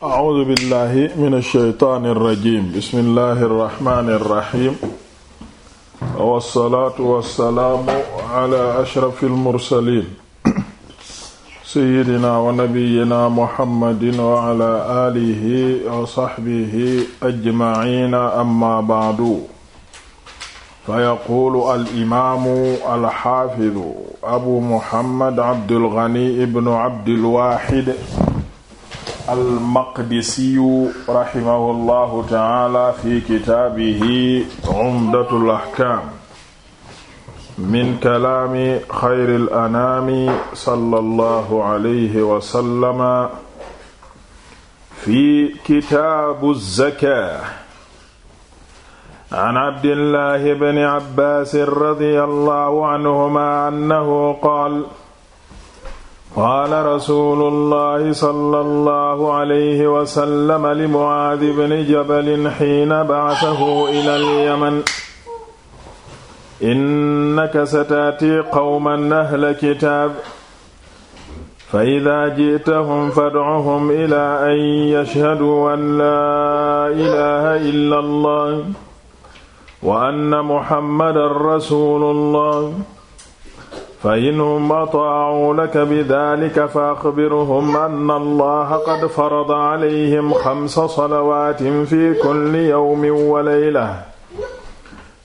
a'uuzu billahi mina shaytaani rajiim bismillahi rahmaani rahiim wassalaatu wassalaamu ala ashrafil mursaliin sayyidina wa nabiyyina muhammadin wa ala aalihi wa sahbihi ajmaciina amma ba'du fa yaquulu al imaamu al xaafidu abu muhammad abdul ghani ibnu abdil waahid almaqdisiyu rahimahu allahu taala fi kitaabihi umdatul ahkaam min kalaami xayril anaami sallallahu alayhi wa sallama fi kitaabu zakaat an abdillahi bni abbaasin radiyallahu anhumaa annahu qaala qaala rasuulullahi sallallahu alayhi wa sallam li Mucaad ibn jabalin xiina bacatahu ilal yaman innaka sataatii qawman ahla kitaab fa idaa ji'tahum fadcuhum ilaa an yashhaduu an laa ilaaha illa allah wa anna muhammadan rasuulullah fa inhum ataa'uu laka bi daalika fa axbirhum anna allaha qad farada alayhim xamsa salawaatin fi kulli yawmin wa layla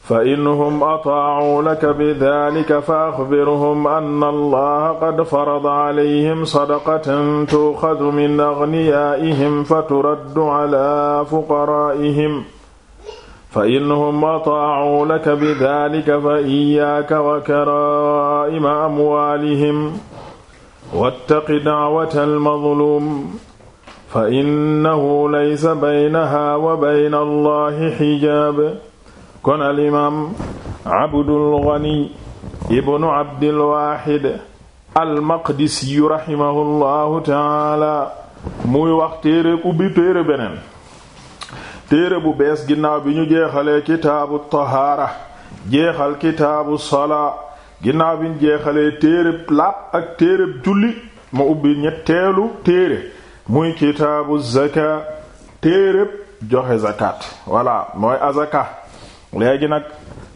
fa inhum ataa'uu laka bi daalika fa axbirhum anna allaha qad farada alayhim sadaqatan tuuxadu min agniyaa'ihim fa turaddu alaa fuqaraa'ihim fa innahum ataa'uu laka bi daalika fa iyyaaka wa karaa'ima amwaalihim wattaqi da'watal mazluum fa innahu laysa baynahaa wa bayna Allaahi hijaab kon al imaam Abdul Ghani ibnu Abdil Waahid al-Maqdisi rahimahullaahu ta'aala muy wax téere ubbi téere beneen téere bu bees ginnaaw bi ñu jeexalee kitaabu tahaara jeexal kitaabu sola ginnaaw bi ñu jeexalee téere laab ak téere julli mu ubbi ñetteelu téere muy kitaabu zaka téere joxe zakat voilà mooy azaka léegi nag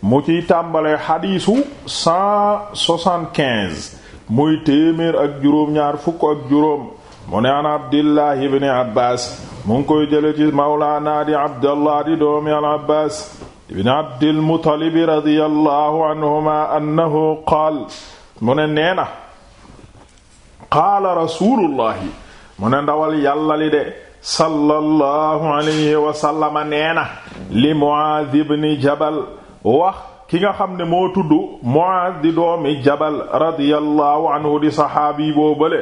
mu ci tàmbalee xadiisu cent soixante-quinze muy téeméer ak juróom-ñaar fukk ak juróom mu an abdillahi ibni abbas mu ngi koy jële ci mawlaana di abdallah di doomi al abbas ibni abdilmutalibi radiyallahu anhuma annahu qaal mu ne nee na qaala rasulullahi ndawal yàlla li de sallallahu alayhi wasallama nee na li Muaaz ibni jabal wax ki nga xam ne moo tudd Muaaz di doomi jabal radiyallahu anhu di saxaabi boobale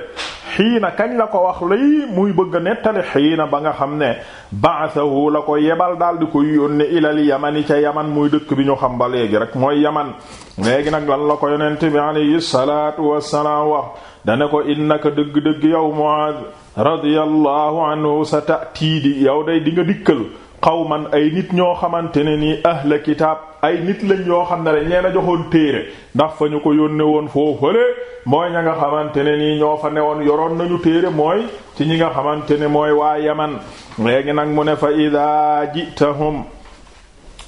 xiina kañ la ko wax lii muy bëgg a nettali xiina ba nga xam ne ba'athahu la ko yebal daal di koy yónne ilal yamani ca yaman muy dëkk bi ñu xam ba léegi rek mooy yaman léegi nag lan la ko yonent bi alayhi salaatu wassalaam wax dane ko innaka dëgg-dëgg yow Mu'aaz radiyallahu anhu sa ta'tiidi yow day di nga dikkal qawman ay nit ñoo xamante ne nii ahla kitaab ay nit lañ yoo xam ne dañ leen a joxoon téere ndax fa ñu ko yónnee woon foofale mooy ña nga xamante ne nii ñoo fa woon yoroon nañu téere mooy ci ñi nga xamante ne mooy waa yaman léegi nag mu ne fa idaa jitahum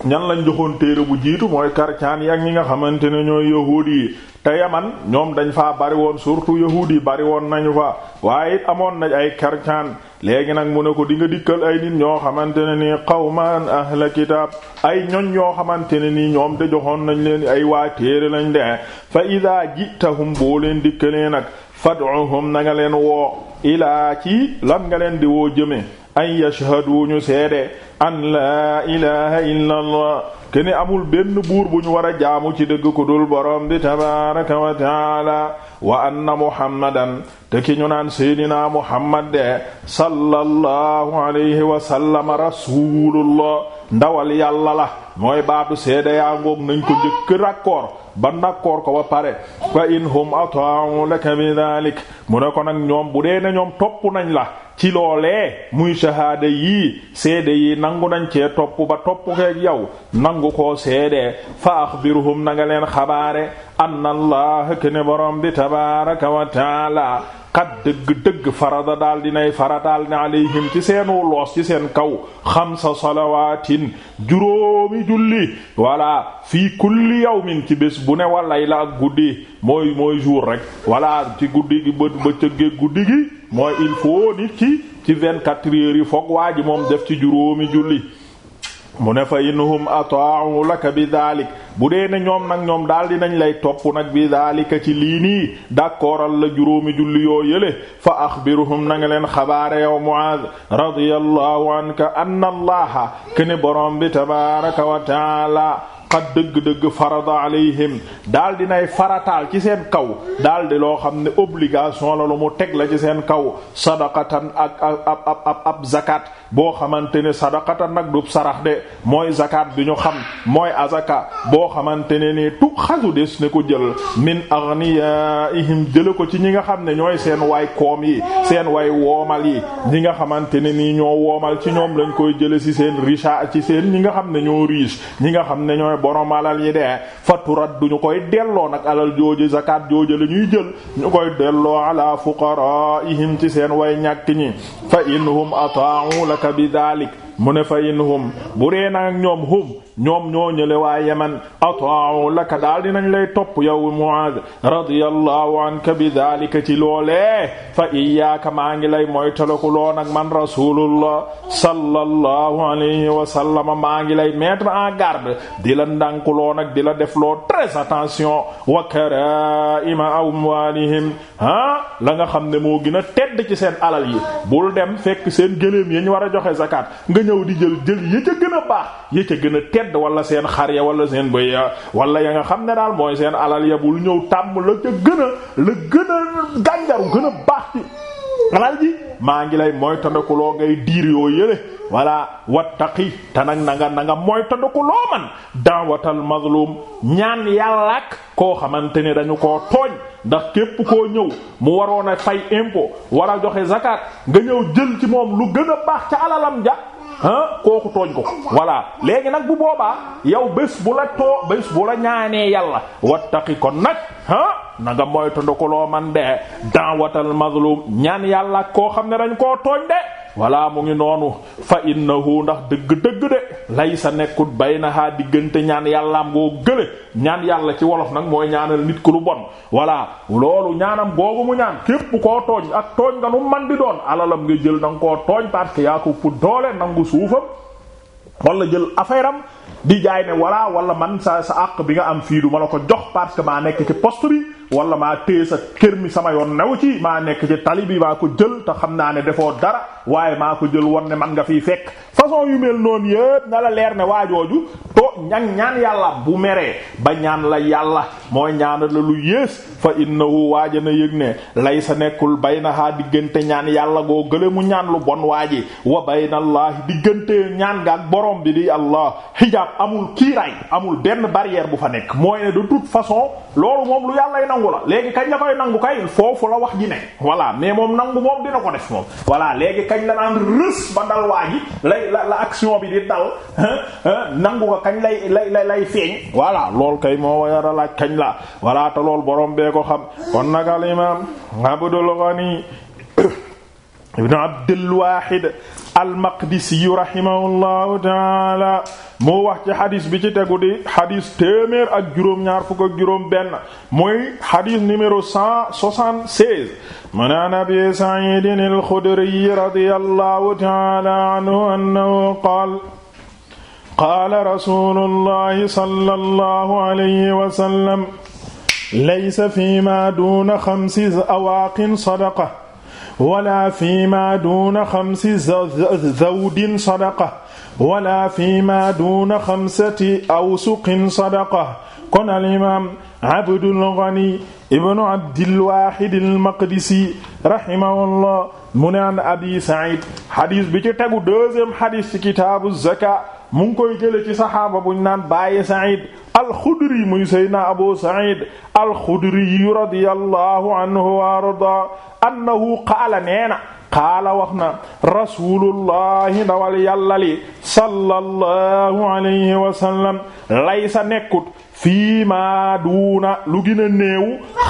ñan lañ joxoon téere bu jiitu mooy karcaan yi ak ñi nga xamante ne ñooy yahuud yi te yaman ñoom dañ fa bari woon surtout yahuud yi bari woon nañu fa waaye it amoon nañ ay karcaan léegi nag mu ne ko di nga dikkal ay nit ñoo xamante ne nii qawman ahla kitab ay ñoñ ñoo xamante ne nii ñoom de joxoon nañ leen ay waa téere lañ de fa ida jitahum boo leen dikkalee nag fad'uhum na nga leen woo ilaa ci lan nga leen di woo jëmee an yashhadu seede an laa ilaha illa allah amul benn buur bu ñu war a jaamu ci dëgg ku dul borom bi tabaraka wa taala wa anna muhammadan te ki ñu naan seydina muhammad de sallallahu alayhi wa sallama rasulullah ndawal yàlla mooy baatu seede yaa ngoog nañ ko jëkk raccord ba d'accord ko ba pare fa in hum ata'u laka bi dalik mu ne ko nag ñoom bu dee ne ñoom topp nañ la ci loolee muy shahaada yii seede yi nangu nañ cee topp ba topp keeg yow nangu ko seede fa axbirhum na nga leen xabaare anna allah kene borom bi tabaraka wa taala xat dëgg-dëgg farada daal di nay faradaal ne alayhim ci seenu loos ci seen kaw xamsa salawaatin juróomi julli walla fii kulli yawmin ci bés bu ne wa la ak guddi mooy mooy jour rek walla ci guddi gi bët bëccëg guddi gi mooy il faut nit ci ci vingt-quatre heures yi foog waa ji moom def ci juróomi julli mu ne fa inhum ataa'u laka bi daalik bu dee ne ñoom nag ñoom daal nañ lay topp nag bi daalika ci lii nii d'accordal la juróomi julli yoo yële fa axbiruhum na nga leen xabaare yow Muaaz radiyallahu anka anna allaha kene borom bi tabaaraka wa taala qad dëgg-dëgg farada alayhim daal dinay farataal ci seen kaw daal di loo xam ne obligation la lu mu teg la ci seen kaw sadaqatan ak ab ab ab ab zakat boo xamante ne sadaqatan nag du sarax de mooy zakat bi ñu xam mooy azaka boo xamante ne nii tu xasu des ne ko jël min aghniyaihim jële ko ci ñi nga xam ne ñooy seen waay koom yi seen way woomal yi ñi nga xamante ne nii ñoo woomal ci ñoom lañ koy jële ci seen riche ci seen ñi nga xam ne ñoo riche borom alal yi de fa turat ñu koy delloo nag alal jooju zakat jooju la ñuy jël ñu koy delloo ala fuqaraihim ci seen way ñàkk ñi fa inhum ataa'u laka bi daalik mu ne fa inhum bu dee nag ñoom hum ñoom ñoo ñële waa yaman ata'u laka daal dinañ lay topp yow Muaz radiyallahu anka bi dhalika ci loolee fa iyyaka maa ngi lay moytalaku loo nag man rasulullah sallallahu alayhi wa sallam maa ngi lay mettre en garde di la ndànku loo nag di la def loo très attention wa karaima amwalihim ah la nga xam ne moo gën a tedd ci seen alal yi bul dem fekk seen gëléem yi ñu war a joxe zakat nga ñëw di jël jël ya ca gën a baax ya ca gën a tedd gedd wala seen xar ya wala seen bëy ya wala ya nga xam ne daal mooy seen alal ya bul ñëw tàmm la ca gën a la gën a gànjaru gën a baax ci alal ji maa ngi lay mooy tandakuloo ngay diir yoo yële walla wattaqi te nag na nga na nga mooy tandakuloo man daawatal mazlum ñaan yàlla ak koo xamante ne dañu ko tooñ ndax képp koo ñëw mu waroon a fay impôt war a joxe zakat nga ñëw jël ci moom lu gën a baax ca alalam ja ah kooku tooñ ko voilà léegi nag bu boobaa yow bés bu la too bés bu la ñaanee yàlla wattaqi kon nag ah na nga moytandikuloo man de daawatal mazlum ñaan yàlla koo xam ne dañ koo tooñ de walla mu ngi noonu fa innahu ndax dëgg-dëgg de lay sa nekkut bay na baynaha diggante ñaan yàllaam ngoo gële ñaan yàlla ci wolof nag mooy ñaanal nit ki lu bon walla loolu ñaanam googu mu ñaan képp koo tooñ ak tooñ nga nu man di doon alalam nga jël danga koo tooñ parce que yaa ko doole nangu suufam wala jël affaire am di jaay ne walla wala man sa sa àq bi nga am fii ma la ko jox parce que nekk ci wala maa téye sa kër mi sama yoon newu ci maa nekk ci tali bi maa ko jël te xam naa ne defoo dara waaye maa ko jël won ne man nga fi fekk façon yu mel noon yépp na la leer ne waajooju to ñan ñaan yàlla bu meree ba ñaan la yàlla mooy ñaana la lu yées fa waa ja na yëg ne lay sa nekkul baynahaa diggante ñaan yàlla goo gële mu ñaan lu bon waaji wa baynallaahi diggante ñaan ga ak borom bi di allah xijaab amul kiiraay amul benn barrière bu fa nekk mooy ne de toute façon loolu moom lu yàllay nangu la léegi kañ la koy nangu kay foofu la wax ji ne voilà mais moom nangu moom dina ko def moom voilà léegi kañ la naan rës ba dal waaji lay la kañ lay lay feeñ voilà lool kay moo war a laaj kañ la voilà te lool borom bee ko xam kon nag al imaam Abdul Ghani ibn Abdul Wahid al-Maqdisi rahimahullahu taala moo wax ci xadis bi ci tegu di xadis téeméer ak juróom-ñaar fukk ak juróom-benn mooy xadis numéro cent soixante-seize mu al-Khudri radiyallahu taala anhu annahu qaala qaala rasuulullahi sallallahu alayhi wa sallam laysa fiimaa duuna xamsi awaaqin sadaqa wala fiimaa duuna xamsi zawdin sadaqa wala fiimaa duuna xamsati awsuqin sadaqa kon alimaam Abdul Ghani ibnu Abdil Waahid al-Maqdisi rahimahullah mu ne an Abi Saïd xadis bi ci tegu deuxième xadis ci kitaabu zakaat mu ngi koy jële ci saxaaba buñ naan bàyyi Saïd alxudri muy na Abu Saïd alxudri radiyallahu anhu wa arda annahu qaala nee na qaala wax na rasulullahi ndawal yàlla li sallallahu alayhi wa sallam laysa nekkut fii maa duuna lu gën a néew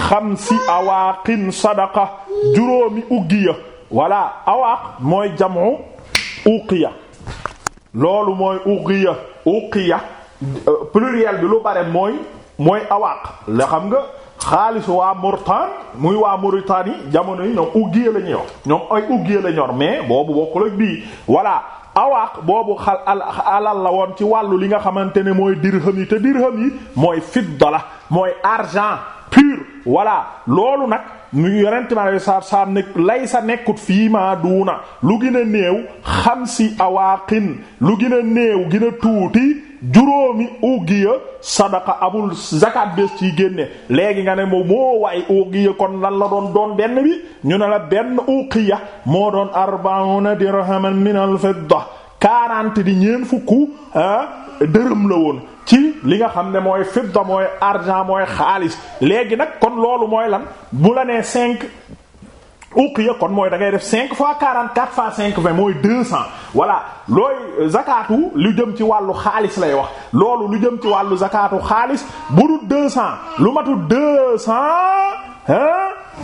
xamsi awaaqin sadaqa juróomi uqiya wala awaaq mooy jamu uqiya loolu mooy uqiya uqiya euh, pluriel bi lu bare mooy mooy awaaq la xam nga xaalisu waa mortan muy waa Mauritanie jamono yi ñoom ugiye la ñuy wax ñoom ay ugiye la ñor mais boobu bokkul ak bii voilà awaaq boobu xal alal la woon ci wàllu li nga xamante ne mooy dirham yi te dirham yi mooy fidda la mooy argent pur voilà loolu nag mu yonent ma lay saab saab ne lay sa nekkut fii maa duuna lu gën a néew si awaqin lu gën a néew gën a tuuti juróomi ugiya sadaka amul zakat bés ciy génne léegi nga ne moo moo waay ugiya kon lan la doon doon benn bi ñu ne la benn uqiya moo doon arbauna dirhaman min al fidda quarante di ñeen fukku ah, dërëm la woon ci li nga xam ne mooy fidda mooy argent mooy xaalis léegi nag kon loolu mooy lan bu la nee cinq uqiya kon mooy da ngay def cinq fois quarante quatre fois cinq vingt mooy deux cent voilà looy euh, zakatu lu jëm ci wàllu xaalis lay wax loolu lu jëm ci wàllu zakatu xaalis bu dul deux cent lu matul deux cent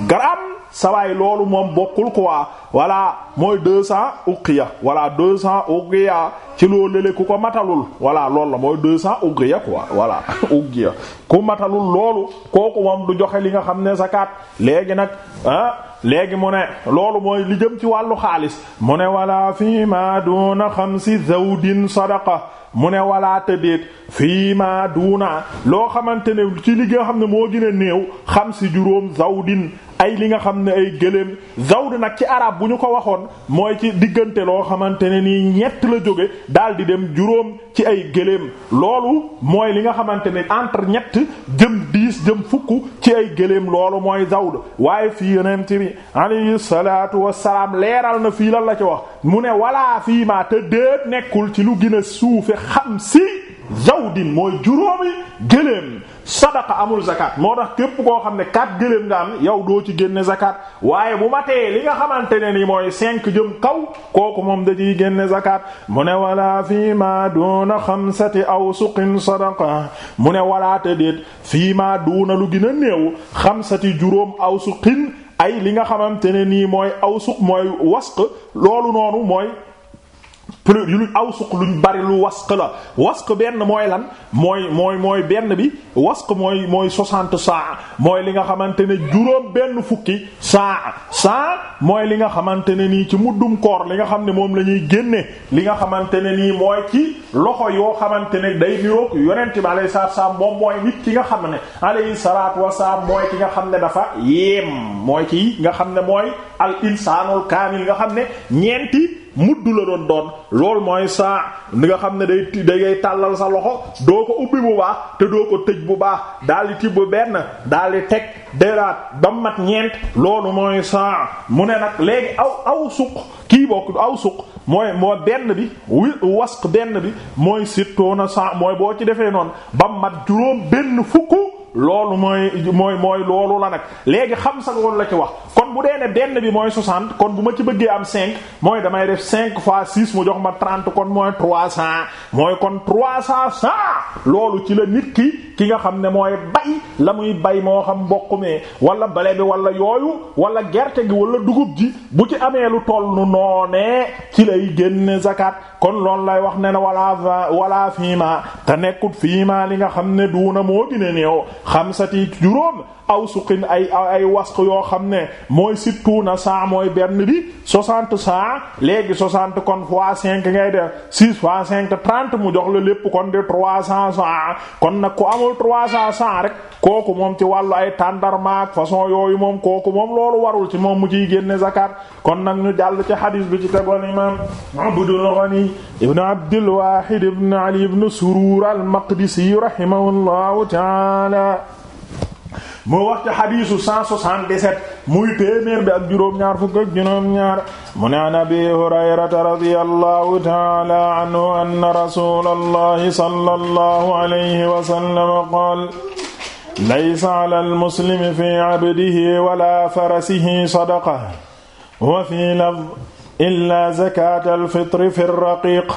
gramme sawaay loolu moom bokkul quoi voilà mooy deux cents uqiya voilà deux cents uqiya ci loo lële ku ko matalul voilà loolu la mooy deux cents uqiya quoi voilà uqiya ku matalul loolu kooku moom du joxe li nga xam ne sa zakat léegi nag ah léegi mu ne loolu mooy li jëm ci wàllu xaalis mu ne wala fii ma duuna xamsi zawdin sadaqa mu ne walaa tëddeet fii ma duuna loo xamante ne ci liggéey xam ne moo gën a xam si juróom zawdin ay li nga xam ne ay gëléem zawd nag ci arab bu ñu ko waxoon mooy ci diggante loo xamante ne nii ñett la jóge daal di dem juróom ci ay gëléem loolu mooy li nga xamante ne entre ñett jëm diis jëm fukk ci ay loolu mooy zawd waaye fii yonent bi alayhi salaatu wassalaam leeral na fii lan la ci wax mu ne walaa fii maa te déet nekkul ci lu gën a suufe xam si zawdin mooy juróomi gëléem sadaqa amul zakat moo tax képp koo xam ne quatre gëléem nga am yow doo ci génne zakat waaye bu matee li nga xamante ne nii mooy cinq jëm kaw kooku moom da ciy génne zakat mu ne walaa fii ma duuna xamsati aw suqin sadaqa mu ne walaate déet fii ma duuna lu gën a néew xamsati juróom aw suqin ay li nga xamante ne nii mooy aw suq mooy wasq loolu noonu mooy pleur yu luñ aw lu ñu bari lu wasq la wasq benn mooy lan mooy mooy mooy benn bi wasq mooy mooy soixante saa mooy li nga xamante ne juróom benn fukki saa saa mooy li nga xamante ne nii ci muddum koor li nga xam ne moom la ñuy génne li nga xamante ne nii mooy ci loxo yoo xamante ne day niroog yonent bi alayhi salaatu moom mooy nit ki nga xam ne alayhi salaatu wasalaam mooy ki nga xam ne dafa yéem mooy ki nga xam ne mooy al insaanul kaamil nga xam ne ñeenti mudd la doon doon loolu mooy saa li nga xam ne day day tàllal sa loxo doo ko ubbi bu baax te doo ko tëj bu baax daal di tibb benn daal di teg déraat ba mat ñeent loolu mooy saa mu ne nag léegi aw aw suq kii bokk aw suq mooy moo benn bi wi wasq benn bi mooy na saa mooy boo ci defee noonu ba mat juróom benn fukk. loolu mooy mooy mooy loolu la nag léegi xam sa woon la ci wax kon bu dee ne benn bi mooy 60 kon bu ma ci bëggee am 5 mooy damay def 5 fois 6 mu jox ma 30 kon mooy 300 mooy kon 300 100 loolu ci la nit ki. ki nga xam ne mooy bay la muy bay moo xam mboq mi wala bale bi walla yooyu walla gerte gi wala dugub ji bu ci amee lu toll nu noone ci lay génn zakat kon loolu lay wax ne na wala wala fiima te nekkut fiima li nga xam ne duuna moo gën a néew xamsati juróom aw suqin ay ay wasq yoo xam ne mooy sittuuna saa mooy benn bi soixante saa léegi soixante kon fois cinq ngay def mu jox la lépp kon de trois cent saa kon nag ko am amul trois cent cent rek kooku moom ci wàllu ay tàndarmaak façon yooyu moom kooku moom loolu warul ci moom mu ciy génne zakat kon nag ñu jàll ci xadiis bi ci tegoon imam Abdul Ghani ibn Abdul Wahid ibn Ali ibn Surur al-Maqdisi rahimahullahu ta'ala mu wax ci xadiisu 167 muy téeméer bi ak juróom-ñaar fukk ak juróom-ñaar mu ne an abi hurayrata radiyallahu ta'ala anhu anna rasulallahi sallallahu alayhi wa sallam qaala laysa ala almuslimi fi abdihi wala farasihi sadaqa wa fi lafz illa zakata alfitri fi raqiq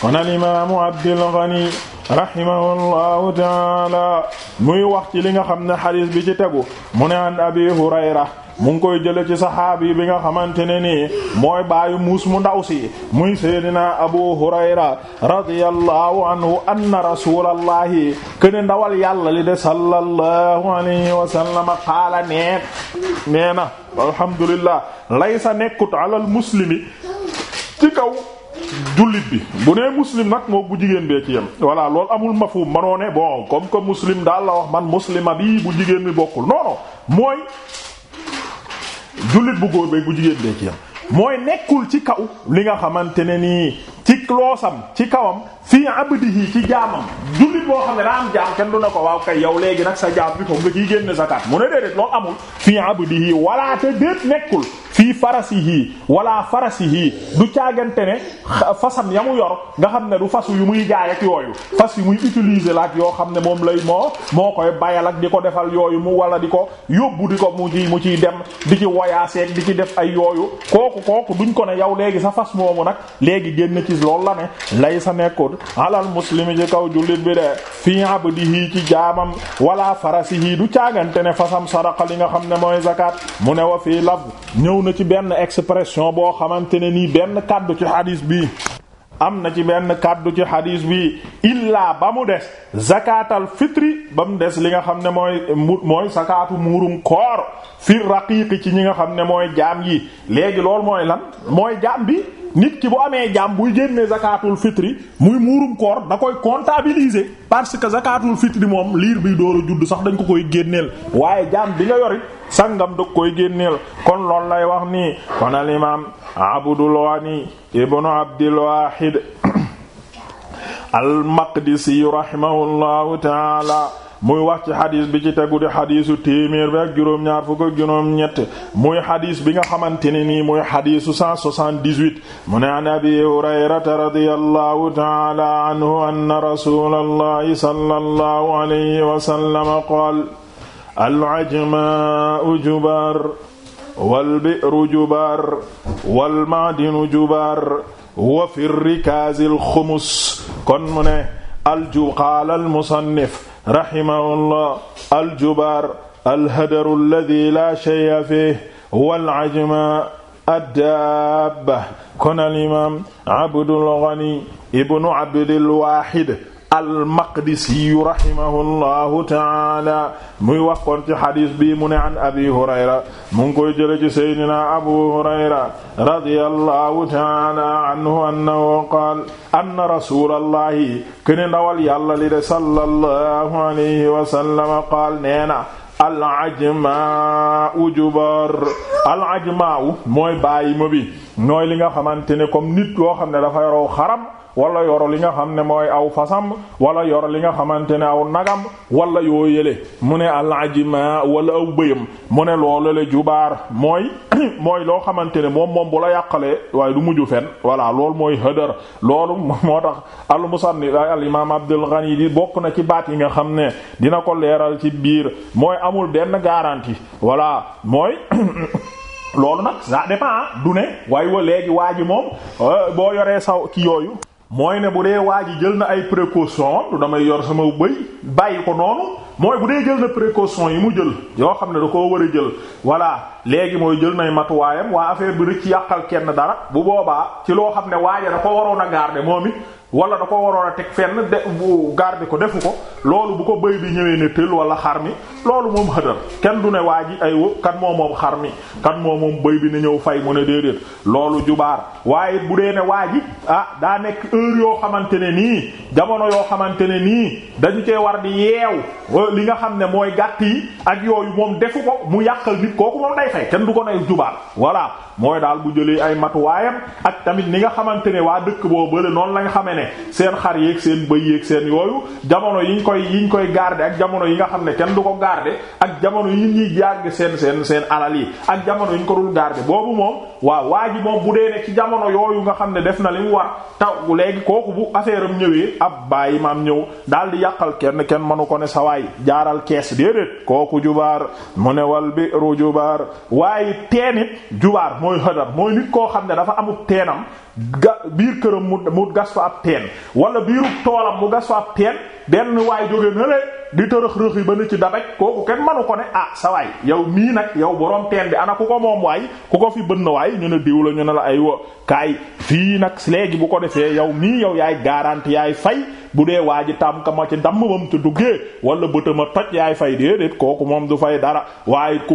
kon alimaamu Abdul Ghani rahimahullahu taala muy wax ci li nga xam ne xadis bi ci tegu mu ne an abi hurayra mu ngi koy jële ci saxaabi bi nga xamante ne nii mooy baayu muus mu ndaw si muy seydina abu hurayra radiyallahu anhu anna rasulallahi kene ndawal yàlla li de sallallahu alayhi wa sallam qaala nee alhamdulillah laysa nekkut alal muslimi ci kaw jullit bi bu nee muslim nag moo bu jigéen bee ci yem voilà loolu amul ma manoo ne bon comme que muslim daal la wax man muslima bi bu jigéen bokkul non bu góor bee bu jigéen bee ci yem mooy nekkul ci kaw li nga xamante ne nii ci loosam ci kawam fii abdihi ci jaamam jullit boo xam ne daa am jaam kenn du ne ko waaw kay yow léegi nag sa jaam bi ko nga ciy génne zakat mu ne déedéet loolu amul fii abdihi wala te déet nekkul fii farasihi farasi farasihi du caagante ne fasam yamu mu yor nga xam ne du fas yu muy jaay ak yooyu fas yu muy utiliser la ak yoo xam ne moom lay moo moo koy bayal ak di ko defal yooyu mu wala di ko yóbbu di ko mu ci mu ciy dem di ci voyager di ci def ay yooyu kooku kooku duñ ko ne yow léegi sa fas moomu nag léegi génn ci loolu la ne lay sa nekkut alal muslimi ci kaw jullit bi de fii abdihi ci jaamam wala farasihi du caagante ne fasam sadaqa li nga xam ne mooy zakat ne wa na ci benn expression boo xamante ne nii benn kàddu ci xadiis bi am na ci benn kàddu ci xadiis bi illaa ba mu des zakaatal fitri ba mu des li nga xam ne mooy mooy zakaatu muurum koor fi raqiiqi ci ñi nga xam ne mooy jaam yi léegi loolu mooy lan mooy jaam bi nit ki bu amee jaam buy génnee zakatul fitri muy muurum koor da koy comptabiliser parce que zakatul fitri moom liir bi door juddu sax dañ ko koy génneel waaye jaam bi nga yorit sangam da koy génneel kon lool lay wax nii kon al Abdul Ghani ibnu Abdul Wahid al Maqdisi rahimahullahu muy wax ci xadis bi ci tegu di xadisu téeméer bi ak juróom-ñaar fukk ak juróom-ñett muy xadis bi nga xamante ne nii muy xadisu 178 mu ne an abi hurayrata radiyallahu ta'ala anhu anna rasulallahi sallallahu alayhi wa sallam qaal al-ajma'u jubar wal-bi'ru jubar wal-ma'dinu jubar wa fi rikazil xumus kon mu ne alju qaala almusannif rahimahullah aljubaar alhadaru alladi laa shay'a fiihi wal ajma addaabba kon al imaam Abdul Ghani ibnu Abdil Waahid al-Maqdisiyu rahimahullahu taala muy wax kon xadis bii mu ne an abi hurayra mu ngi koy jële ci seydina abu hurayra radiyallahu taala anhu annahu qaal anna rasulallahi kene ndawal yàlla li de sallallahu alayhi wa sallam qaal neena alajmau jubar alajmau mooy bàyyi ma bi mooy li nga xamante ne comme nit yoo xam ne dafa yoroo xaram wala yoro li nga xam ne mooy aw fasam wala yoro li nga xamante ne aw nagam walla yoo yële mu ne alajima wala aw bëyam mu ne loolu le jubaar mooy mooy loo xamante ne moom moom bu la yàqalee waaye du mujju fen voilà loolu mooy hadar loolu moo tax al musanni al imam Abdul Ghani di bokk na ci baat yi nga xam ne dina ko leeral ci biir mooy amul benn garantie voilà mooy loolu nag ça dépend du ne waaye wa léegi waa ji moom euh, boo yoree saw ci yooyu mooy ne bu dee waa ji jël na ay précaution du damay yor sama bëy bàyyi ko noonu mooy bu dee jël na précaution yi mu jël yoo xam ne da koo war a jël voilà léegi mooy jël nay matuwaayam waa affaire bi rek ci yàqal kenn dara bu boobaa ci loo xam ne waaja da ko waroon a garder moom it wala da ko waroon a teg fenn de bu garder ko defu ko loolu bu ko bëy bi ñëwee ne tël wala xar mi loolu moom xëdal kenn du ne waa ji ay kan moo moom xar mi kan moo moom bëy bi ne ñëw fay mu ne déedéet loolu jubaar waaye bu dee ne waa ji ah daa nekk heure yoo xamante ne nii jamono yoo xamante ne nii dañu cee war di yeew li nga xam ne mooy gàtt yi ak yooyu moom defu ko mu yàqal nit kooku moom day fay kenn du ko ne jubaar voilà mooy daal bu jëlee ay matuwaayam ak tamit ni nga xamante ne waa dëkk boobu la noonu la nga xamee ne seen xar yeeg seen bëy yeeg seen yooyu jamono yiñ koy yiñ koy garder ak jamono yi nga xam ne kenn du ko garder ak jamono yi ñuy garder seen seen seen alal ak jamono yiñ ko dul boobu moom waaw waa ji moom bu dee ne ci jamono yooyu nga xam ne def na li mu war taw léegi kooku bu affaire am ñëwee ab bàyyi maam ñëw daal di yàqal kenn kenn mënu ko ne sa waay jaaral kees déedéet kooku jubaar mu ne wal bi ru jubaar waaye teenit jubaar mooy xadar mooy nit koo xam ne dafa amub teenam ga biir këram mu mu gas fa ab teen wala biirub toolam mu gas fa ab teen benn waay jóge nale di tërëx rëx yi ba na ci dabaj kooku kenn manu ko ne a ah sa waay yow mii nag yow borom teen bi ana ku ko moom waay ku ko fi na waay ñu ne diw la ñu ne la ay wa kaay fii nag léegi bu ko defee yow mii yow yaay garanti yaay fay bu dee waa ji tàmm ka ma ci damm bam ci duggee wala bëtama toj yaay fay déedéet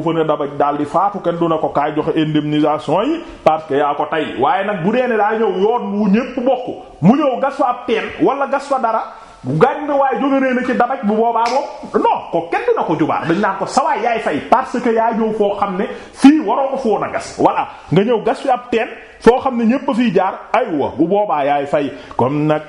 fa ne dabaj daal di faatu kenn ko inondation yi parce que yaa ko tey waaye nag bu dee ne daa ñëw yoon wu ñépp bokk mu ñëw gas fa ab teen wala gas fa dara gan bi waaye jóge nee na ci dabaj bu boobaa moom non ko kenn dina ko jubaa dañ naan ko sawaay yaay fay parce que yaa ñëw foo xam ne fii waroo ko foon a gas voilà nga ñëw gas fi ab teen foo xam ne ñépp a fiy jaar aywa bu boobaa yaay fay comme nag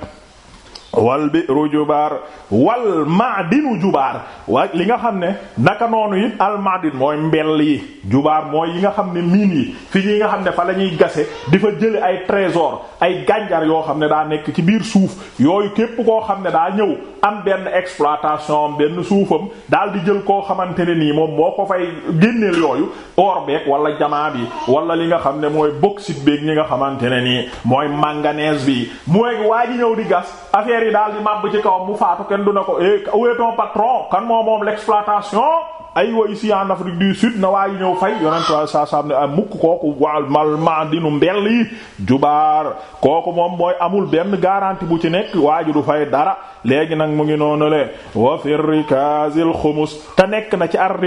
wal biru jubaar wal maadinu jubaar waa li nga xam ne naka noonu it al maadin mooy mbell yi jubaar mooy yi nga xam ne miin yi fi yi nga xam ne fa la ñuy gase di fa jële ay trésor ay gànjar yoo xam ne daa nekk ci biir suuf yooyu képp koo xam ne daa ñëw am benn exploitation benn suufam daal di jël koo xamante ne nii moom moo ko fay génneel yooyu or beeg wala jamaa bi wala li nga xam ne mooy bauxite beeg ñi nga xamante ne nii mooy manganèse bi mooy waa ji di gas affaire yi daal di màbb ci kawam mu faatu kenn du na ko eh où patron kan moo moom l'exploitation aywa ici en Afrique du Sud na waayu ñëw fay yonentuwaay saa saam ne ah, mukk kooku waa mal mandinu mbell jubaar kooku moom mooy amul benn garantie bu ci nekk waaju du fay dara léegi nag mu ngi noonu le wa fi rikaazil xumus te nekk na ci ar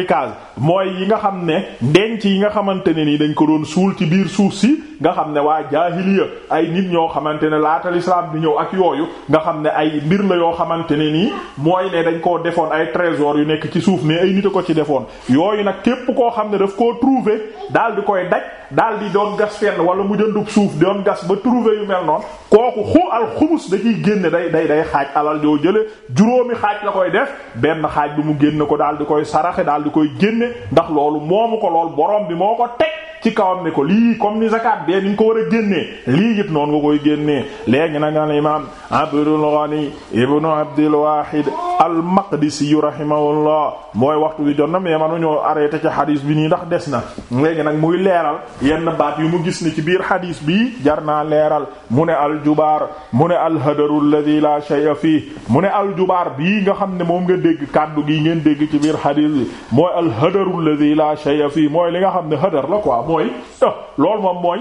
mooy yi nga xam ne ndenc yi nga xamante ne nii dañ ko doon suul ci biir suuf si nga xam ne waa jaahiliya ay nit ñoo xamante ne laata lislaam bi ñëw ak yooyu nga xam ne ay mbir la yoo xamante ne nii mooy ne dañ koo defoon ay trésor yu nekk ci suuf ne ay nit a ci defoon yooyu nag képp koo xam ne daf koo trouver daal di koy daj daal di doon gas fenn wala mu jëndub suuf doon gas ba trouver yu mel kooku xu al xumus da ciy day day day xaaj joo jële juróomi xaaj la koy def benn xaaj bi mu génn ko daal di koy saraxe daal di koy génne ndax loolu moomu ko lool borom bi moo ko teg ci kawam ne ko lii comme ni zakat bee ni ñu ko war a génnee lii it noonu nga koy génnee léegi nag al imam Abdul Ghani ibnu Abdul Wahid al-Maqdisi yu rahimahullah mooy waxtu bi jot na mais manuñoo arrêté ci xadis bi nii ndax des na léegi nag muy leeral yenn baat yu mu gis ni ci biir xadis bi jar naa leeral mu ne aljubaar mu ne alhadaru alladhi la shay'a fii mu ne aljubaar bii nga xam ne moom nga dégg kàddu gi ngeen dégg ci biir xadis bi mooy alhadaru alladhi la shay'a fii mooy li nga xam ne hadar la quoi mooy eh, loolu moom mooy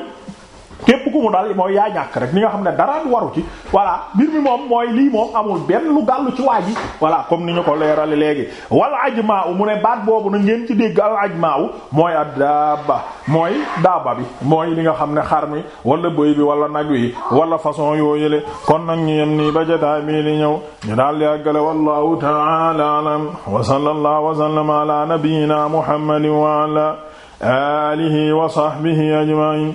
képp ku mu dal mooy yaa ñàkk rek ni nga xam ne dara waru ci voilà mbir moom mooy lii moom amul benn lu ci waa ji voilà comme ni ñu ko leerale léegi wal ajma'u mu ne baat boobu na ngeen ci dégg al ajma'u mooy addaaba mooy daaba bi mooy li nga xam ne xar mi wala bëy bi wala nag wi wala façon yooyule kon nag ñu yem nii ba jotaay bii li ñëw ñu daal di àggale wallahu ta'ala alam wa sallallahu wa sallama ala nabiyyina muhammadin wa ala alihi wa sahbihi ajma'in